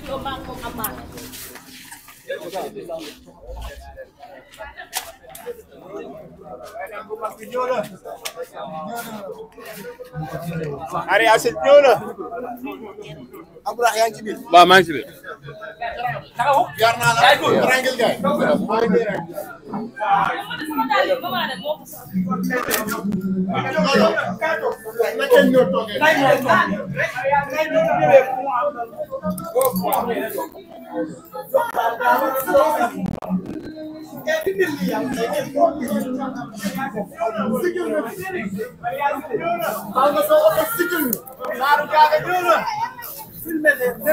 yow maa ngi moom amaat. Ari Asit Sikil mi? Sikil mi?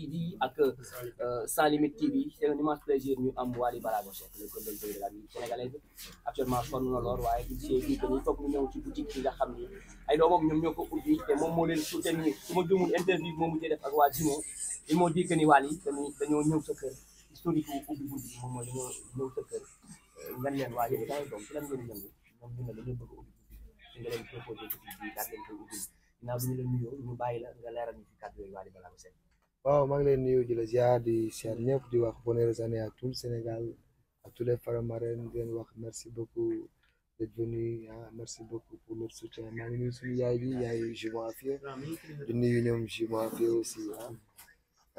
TV ak euh, Sans Limite TV c'est un immense plaisir ñu am Waly Balago Seck le coordonnateur de la musique actuellement sonn na lool waaye il s'est dit que ni foog ñu ñëw ci boutique bi nga xam ni ay doomam ñoom ñoo ko te moom moo leen soutenir su ma juumul interview bi moo mujjee def ak waa Jimo ni Waly dañuy dañoo ñëw sa kër historique bu ubbi buntu bi ñëw sa kër euh, ngeen leen waa yéen daañu doom ci lan ngeen ñëw ñoom ñu ne dañoo bëgg ubbi buntu nga leen proposé boutique bi daal leen koy ubbi la nuyoo ñu waaw maa ngi leen nuyu di la ziar di ziar ñëpp di wax bonnes années à tout le Sénégal à tous les Faramareen di leen wax merci beaucoup d'être ah, merci beaucoup pour leur soutien maa ngi nuyu suñu yaay bi yaay jument Afia di nuyu ñoom jument Afia aussi ah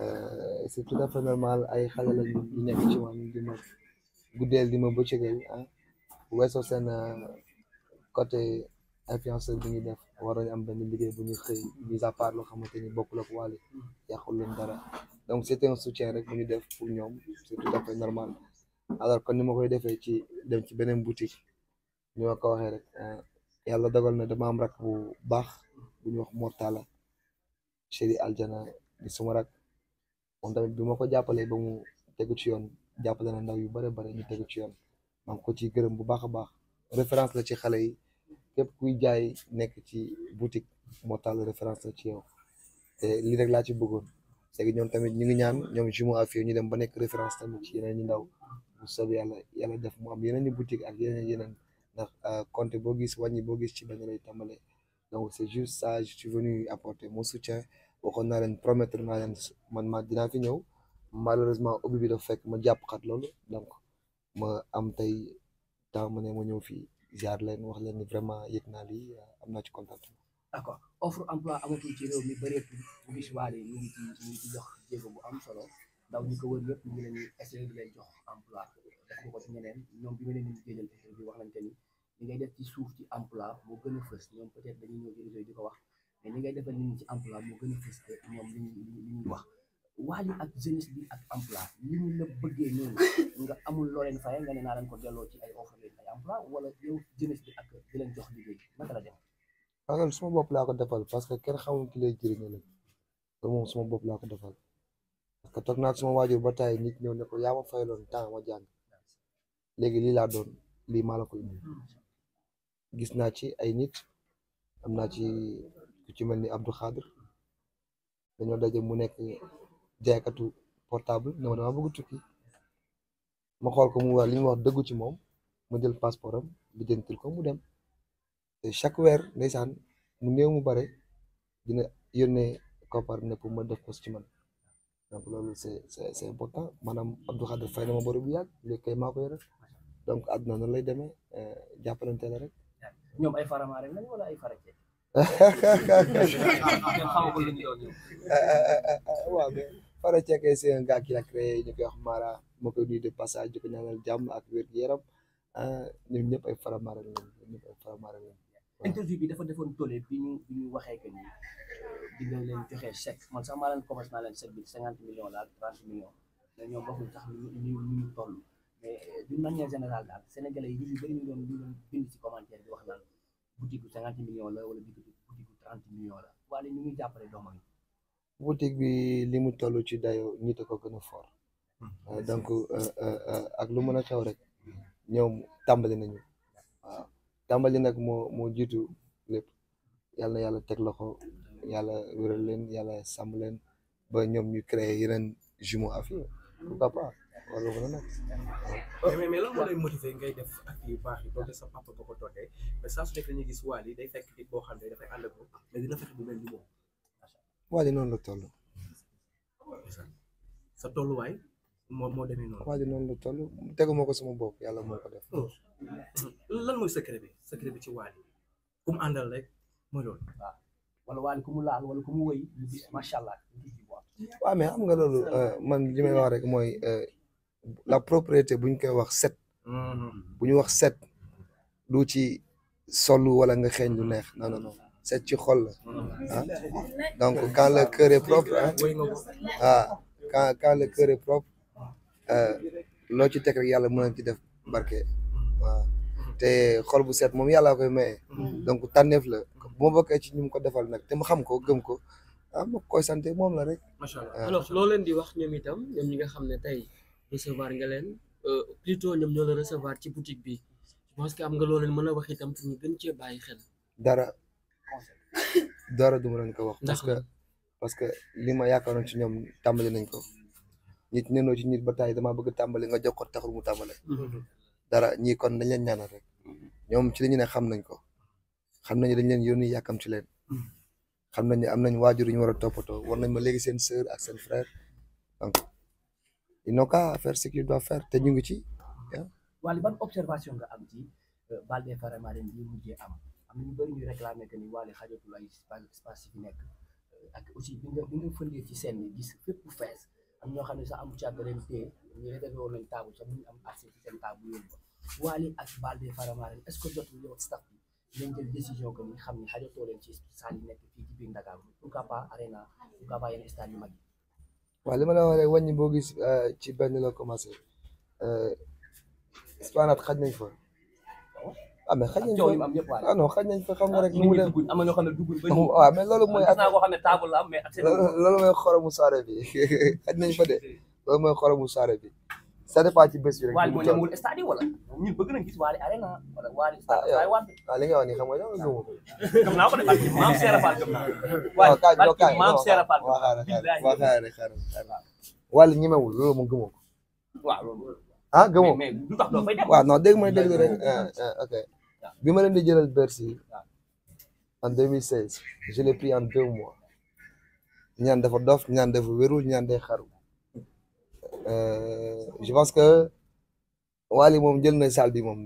euh, c'est tout à fait normal ay xale la ñu nekk ci man di ma guddeel di ma bëccëgal ah weesoo seen euh, côté influenceur bi def. waroon am benn liggéey bu ñu xëy mis à part loo xamante ni bokkul ak Wally yàqul leen dara donc c'était un soutien rek bu ñu def pour ñoom c'est tout à fait normal alors que ni ma koy defee ci dem ci beneen boutique ñoo ma ko waxee rek euh, yàlla dogal na dama am rak bu baax bu ñu wax Mortala chéri aljana di suma rak moom tamit bi ma ko jàppalee ba mu tegu ci yoon jàppale na ndaw yu bare bare ñu tegu ci yoon maa ngi ko ciy gërëm bu baax a baax référence la ci xale yi képp kuy jaay nekk ci boutique moo tax la référence la ci yow te lii rek laa ci bëggoon léegi ñoom tamit ñu ngi ñaan ñoom Jumo Afia ñu dem ba nekk référence tamit ci yeneen ñi ndaw bu sob yàlla yàlla def mu am yeneen i boutique ak yeneen yeneen ndax euh, compte boo gis wàññi boo gis ci benn lay tàmbale donc c'est juste ça je suis venu apporter mon soutien waxoon naa leen promettre naa man ma dinaa fi ñëw malheureusement ubbi bi dafa fekk ma jàpp xat loolu donc ma am tey temps ma ne ma ñëw fii jaar leen wax leen ni vraiment yëg naa lii am naa ci contentement. d' accord offre emploi amatul ci réew mi bëreetul bu gis waa ñu ngi ci ñu ngi ci jox jéego bu am solo ndaw ñu ko wër yëpp ñu jox emploi def nga ko ci ñeneen ñoom bi ma leen di jëjal bi wax nañ que ni li ngay def ci suuf ci emploi moo gën a ñoom peut être dañuy ñëw ci ko wax mais ngay defal nit ñi ci emploi moo gën a fës li ñu wax. Wally ak jeunesse bi ak emploi li ñu la bëggee noonu nga amul loo leen faye nga ne naa leen ko delloo ci ay offre ay emploi wala yow jeunesse bi ak di leen jox liggéey naka la dem waaw suma bopp laa ko defal parce que kenn xamul ki lay jëriñ la loolu moom suma bopp laa ko defal parce que toog naa suma waajur ba tey nit ñëw ne ko yaa ma fayaloon temps ma jàng léegi lii laa doon lii maa la ko indi gis naa ci ay nit am naa ci ku ci mel ni Abdou Khadir dañoo daje mu nekk jaaykatu portable ne ma dama bëgg tukki ma xool ko mu wax li mu dëggu ci moom ma jël passeport am bi jëntil ko mu dem chaque weer ndeysaan mu néew mu bare dina yónnee koppar ne pour ma def ko ci man donc loolu c'est c'est c'est important maanaam Abdou Khadre fay na ma bor bu yàgg léegi kay maa ko donc àdduna noonu lay demee euh, jàppalante la rek. ñoom ay faramaare lañ wala ay faracee. Ah, ah, ah, waaw Fara Cekkee c'est un gars qui l'a créé koy wax Mara moo koy nuyu de passage jàmm ak wér-gu-yaram ñoom ñëpp ay Fara Mara lañ ñëpp ay Fara Mara lañ interview bi dafa defoon tool bi ñu bi ñu waxee que ni di nga leen joxe chèque man sax maa leen commencé naa leen chèque bi cinquante millions la ak trente millions mais ñoom bokkul sax ñu ñu ñu toll mais euh, d'une manière générale daal sénégalais yi ñu bëri ñu doon ñu doon bind commentaire bi wax naan boutique bu cinquante millions la wala boutique bu trente millions la waaye ñu ngi jàppale doman yi boutique bi li mu toll ci dayo ñi ko gën a fort hmm. euh, donc euh, euh, ak lu mën a xew rek ñoom tàmbali nañu waaw tàmbali nag moo moo jiitu lépp yàlla yàlla teg loxo yàlla wéral leen yàlla sàmm leen ba ñoom ñu créer yeneen jumeau affaire pourquoi pas wala wala nag. mais ngay def actes yi doonte sa papa nga gis waal yi day fekk xam waa ji noonu la toll. sa tolluwaay moo moo demee noonu. noonu la toll teguma ko sama bopp yàlla moo ko def. Oh. lan mooy secret bi secret bi ci waa ji ku rek mooy loolu. wala waa ji mu laal wala ku mu wëy macha allah. waaw mais xam nga loolu euh, man li may wax rek mooy euh, la propriété buñ koy wax set. Mm-hmm. bu ñu wax set du ci solu wala nga xeeñ lu neex non non non. set ci xol la ah donc quand le cœur a propre ah quand quand le euh, ci teg rek yàlla mën na ci def barke waaw ah. te xol bu set moom yàlla koy maye donc tànneef la bu ma bokkee ci ñum ko defal nag te mu xam ko gëm ko am ah, ma koy sante moom la rek macha allah ah. alors leen di wax ñoom itam ñoom ñi nga xam ne tey recevoir nga leen euh, plutôt ñoom ñoo la recevoir ci boutique bi je pense que am nga loo leen mën a wax itam pour ñu gën cee bàyyi xel dara dara duma leen ko wax. parce que parce que li ma yaakaaroon ci ñoom tàmbali nañ ko nit nenoo ci nit ba taay damaa bëgg tàmbali nga jox ko taxul mu tàmbale. dara ñii kon dañ leen ñaanal rek ñoom ci li ñu ne xam nañ ko xam nañu dañ leen yónni yàkkam ci leen xam nañ ne am nañ waajur yu ñu war a toppatoo war nañ ma léegi seen sœur ak seen frère donc ils n'ont qu'à faire ce te ñu ngi ci. wala ban observation nga am ci Baldé Faramareen bi mujjee am. am na ñu bëri ñu réclamé que ni Wally xajatul ay espace nekk euh, ak aussi bi nga bi nga fëndee ci scène bi gis fépp fees am ñoo xam ne sax amu càgg leen téye ñu réservé woon nañ table sax ñu am accès ci seen table yooyu ba Wally ak Baldé Faramareen est ce que jotul yow staff bi ngeen jël décision que ni xam ni xajatoo leen ci salle yi nekk fii ci biir Dakar pourquoi pas Arena pourquoi pas yenn stade yu mag yi waaw li ma la wax rek boo gis euh, ci benn la commencé euh, spanat xaj nañ fa ah mais xaj nañ fa am yëpp waaye ah non xaj nañ fa xam nga rek ah, mu dem na ñoo xam ne dugguñ ba ñu waaw mais loolu mooy naa koo xam ne table la am mais loolu mooy xoromu saare bi xaj nañ fa de loolu mooy xoromu saare bi ça dépend ci bés bi rek waali moo demul ah, ah, nga wax nii xam loolu mu gëmoo ah gëmoo mais du tax doo fay dem waaw ok bi ma leen di jëlal Bercy en 2016 je l'ai pris en deux mois ñaan dafa dof ñaan dafa wérul ñaan day xaru euh, je pense que Wally moom jël na salle bi moom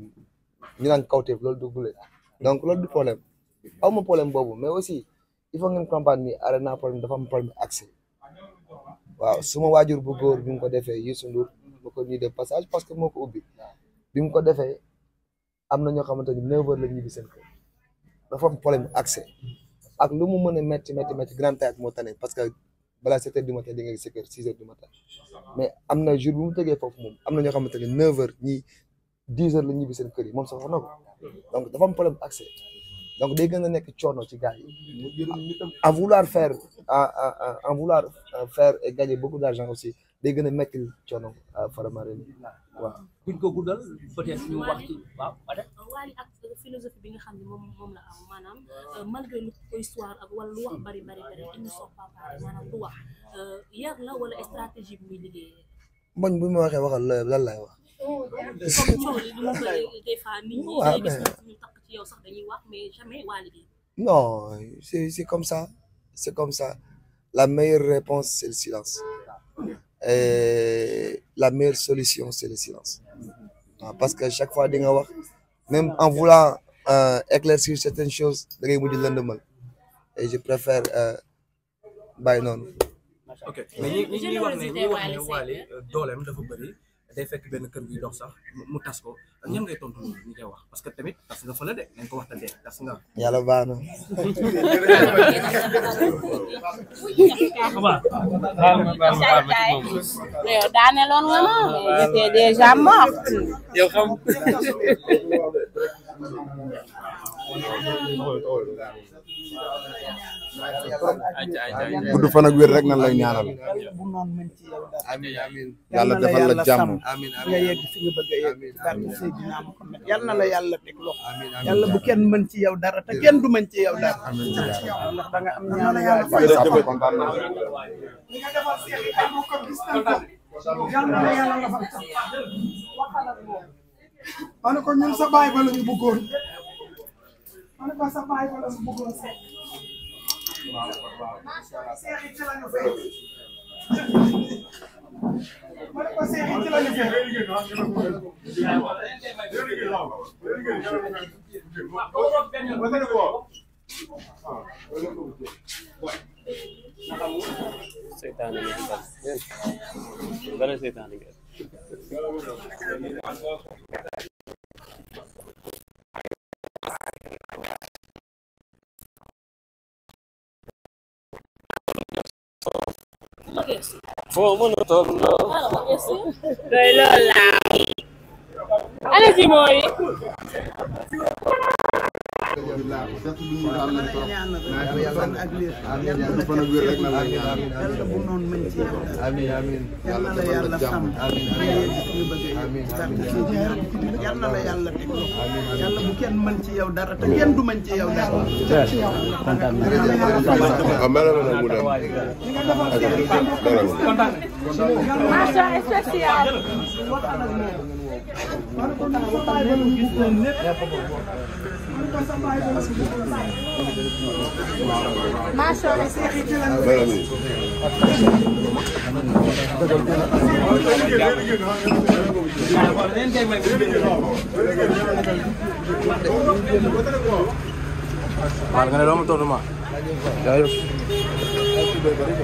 ñu naan kawteef loolu du gule donc loolu du problème aw problème boobu mais aussi il faut ngeen comprendre ni arena problème dafa am problème accès waaw suma waajur bu góor bi mu ko defee Youssou Ndour ma ko nuyu passage parce que moo ko ubbi bi ko defee am na ñoo xamante ni neuf heures la ñibbi seen kër dafa am problème accès ak lu mu mën a métti métti métti grand théâtre moo tane parce que balaa sept heures du matin di nga sa kër six heures du matin mais am na jour bu mu tegee foofu moom am na ñoo xamante ni neuf heures ñii dix heures la ñibbi seen kër yi moom sax wax na donc dafa am problème accès donc day gën a nekk coono ci gars yi à vouloir faire à à à vouloir euh, faire et gagner beaucoup d'argent aussi day gën a métti coono ah, Faramareen waaw. buñ ko guddal ak philosophie bi nga xam ne moom la am maanaam euh, malgré lu histoire ak wala lu wax bari bari bari il ne sort pas maanaam lu wax euh, yar la wala stratégie bi muy liggéeyee. man bu ma waxee wax. comme coow li wax non c'est comme ça c'est comme ça la meilleure réponse c'est le silence. et euh, la meilleure solution c'est le silence ah, parce que chaque fois di nga wax même en voulant euh, éclaircir certaines choses da ngay di lëndëmal et je préfère euh, bàyyi noonu. day fekk benn kër guy dox sax mu tas ko ñan ngay tontu ñu wax parce que tamit tas nga fa la de nañ ko waxtaanee gudd fan ak wér rek nan lay ñaanal. yàlla defal la jàmm. nga yegg fi nga bëgg a yegg. yal na bu kenn mën ci yaw dara te kenn du mën ci yow dara. ma ne ko ñun sa baay ba la ñu bëggoon ma ne ko sa baay ba la ñu bëggoon seet. seex yi ci la ñu fee. ma ne ko seex yi ci la ñu fee. seytaane ngeen bal. Bala seytaane ngeen. foo mën a toog loo doy loolu laa ana si mooy alhamdulilah seet bi ñu am nañ trop fan ak wér rek la lay ñaan amiin amiin yàlla defal la jàmm amiin amiin yàlla la yàlla teg yàlla bu kenn mën ci yow dara te kenn du mën ci yow dara kontaan naa macha allah. nga ne doomu tontu ma jaajëf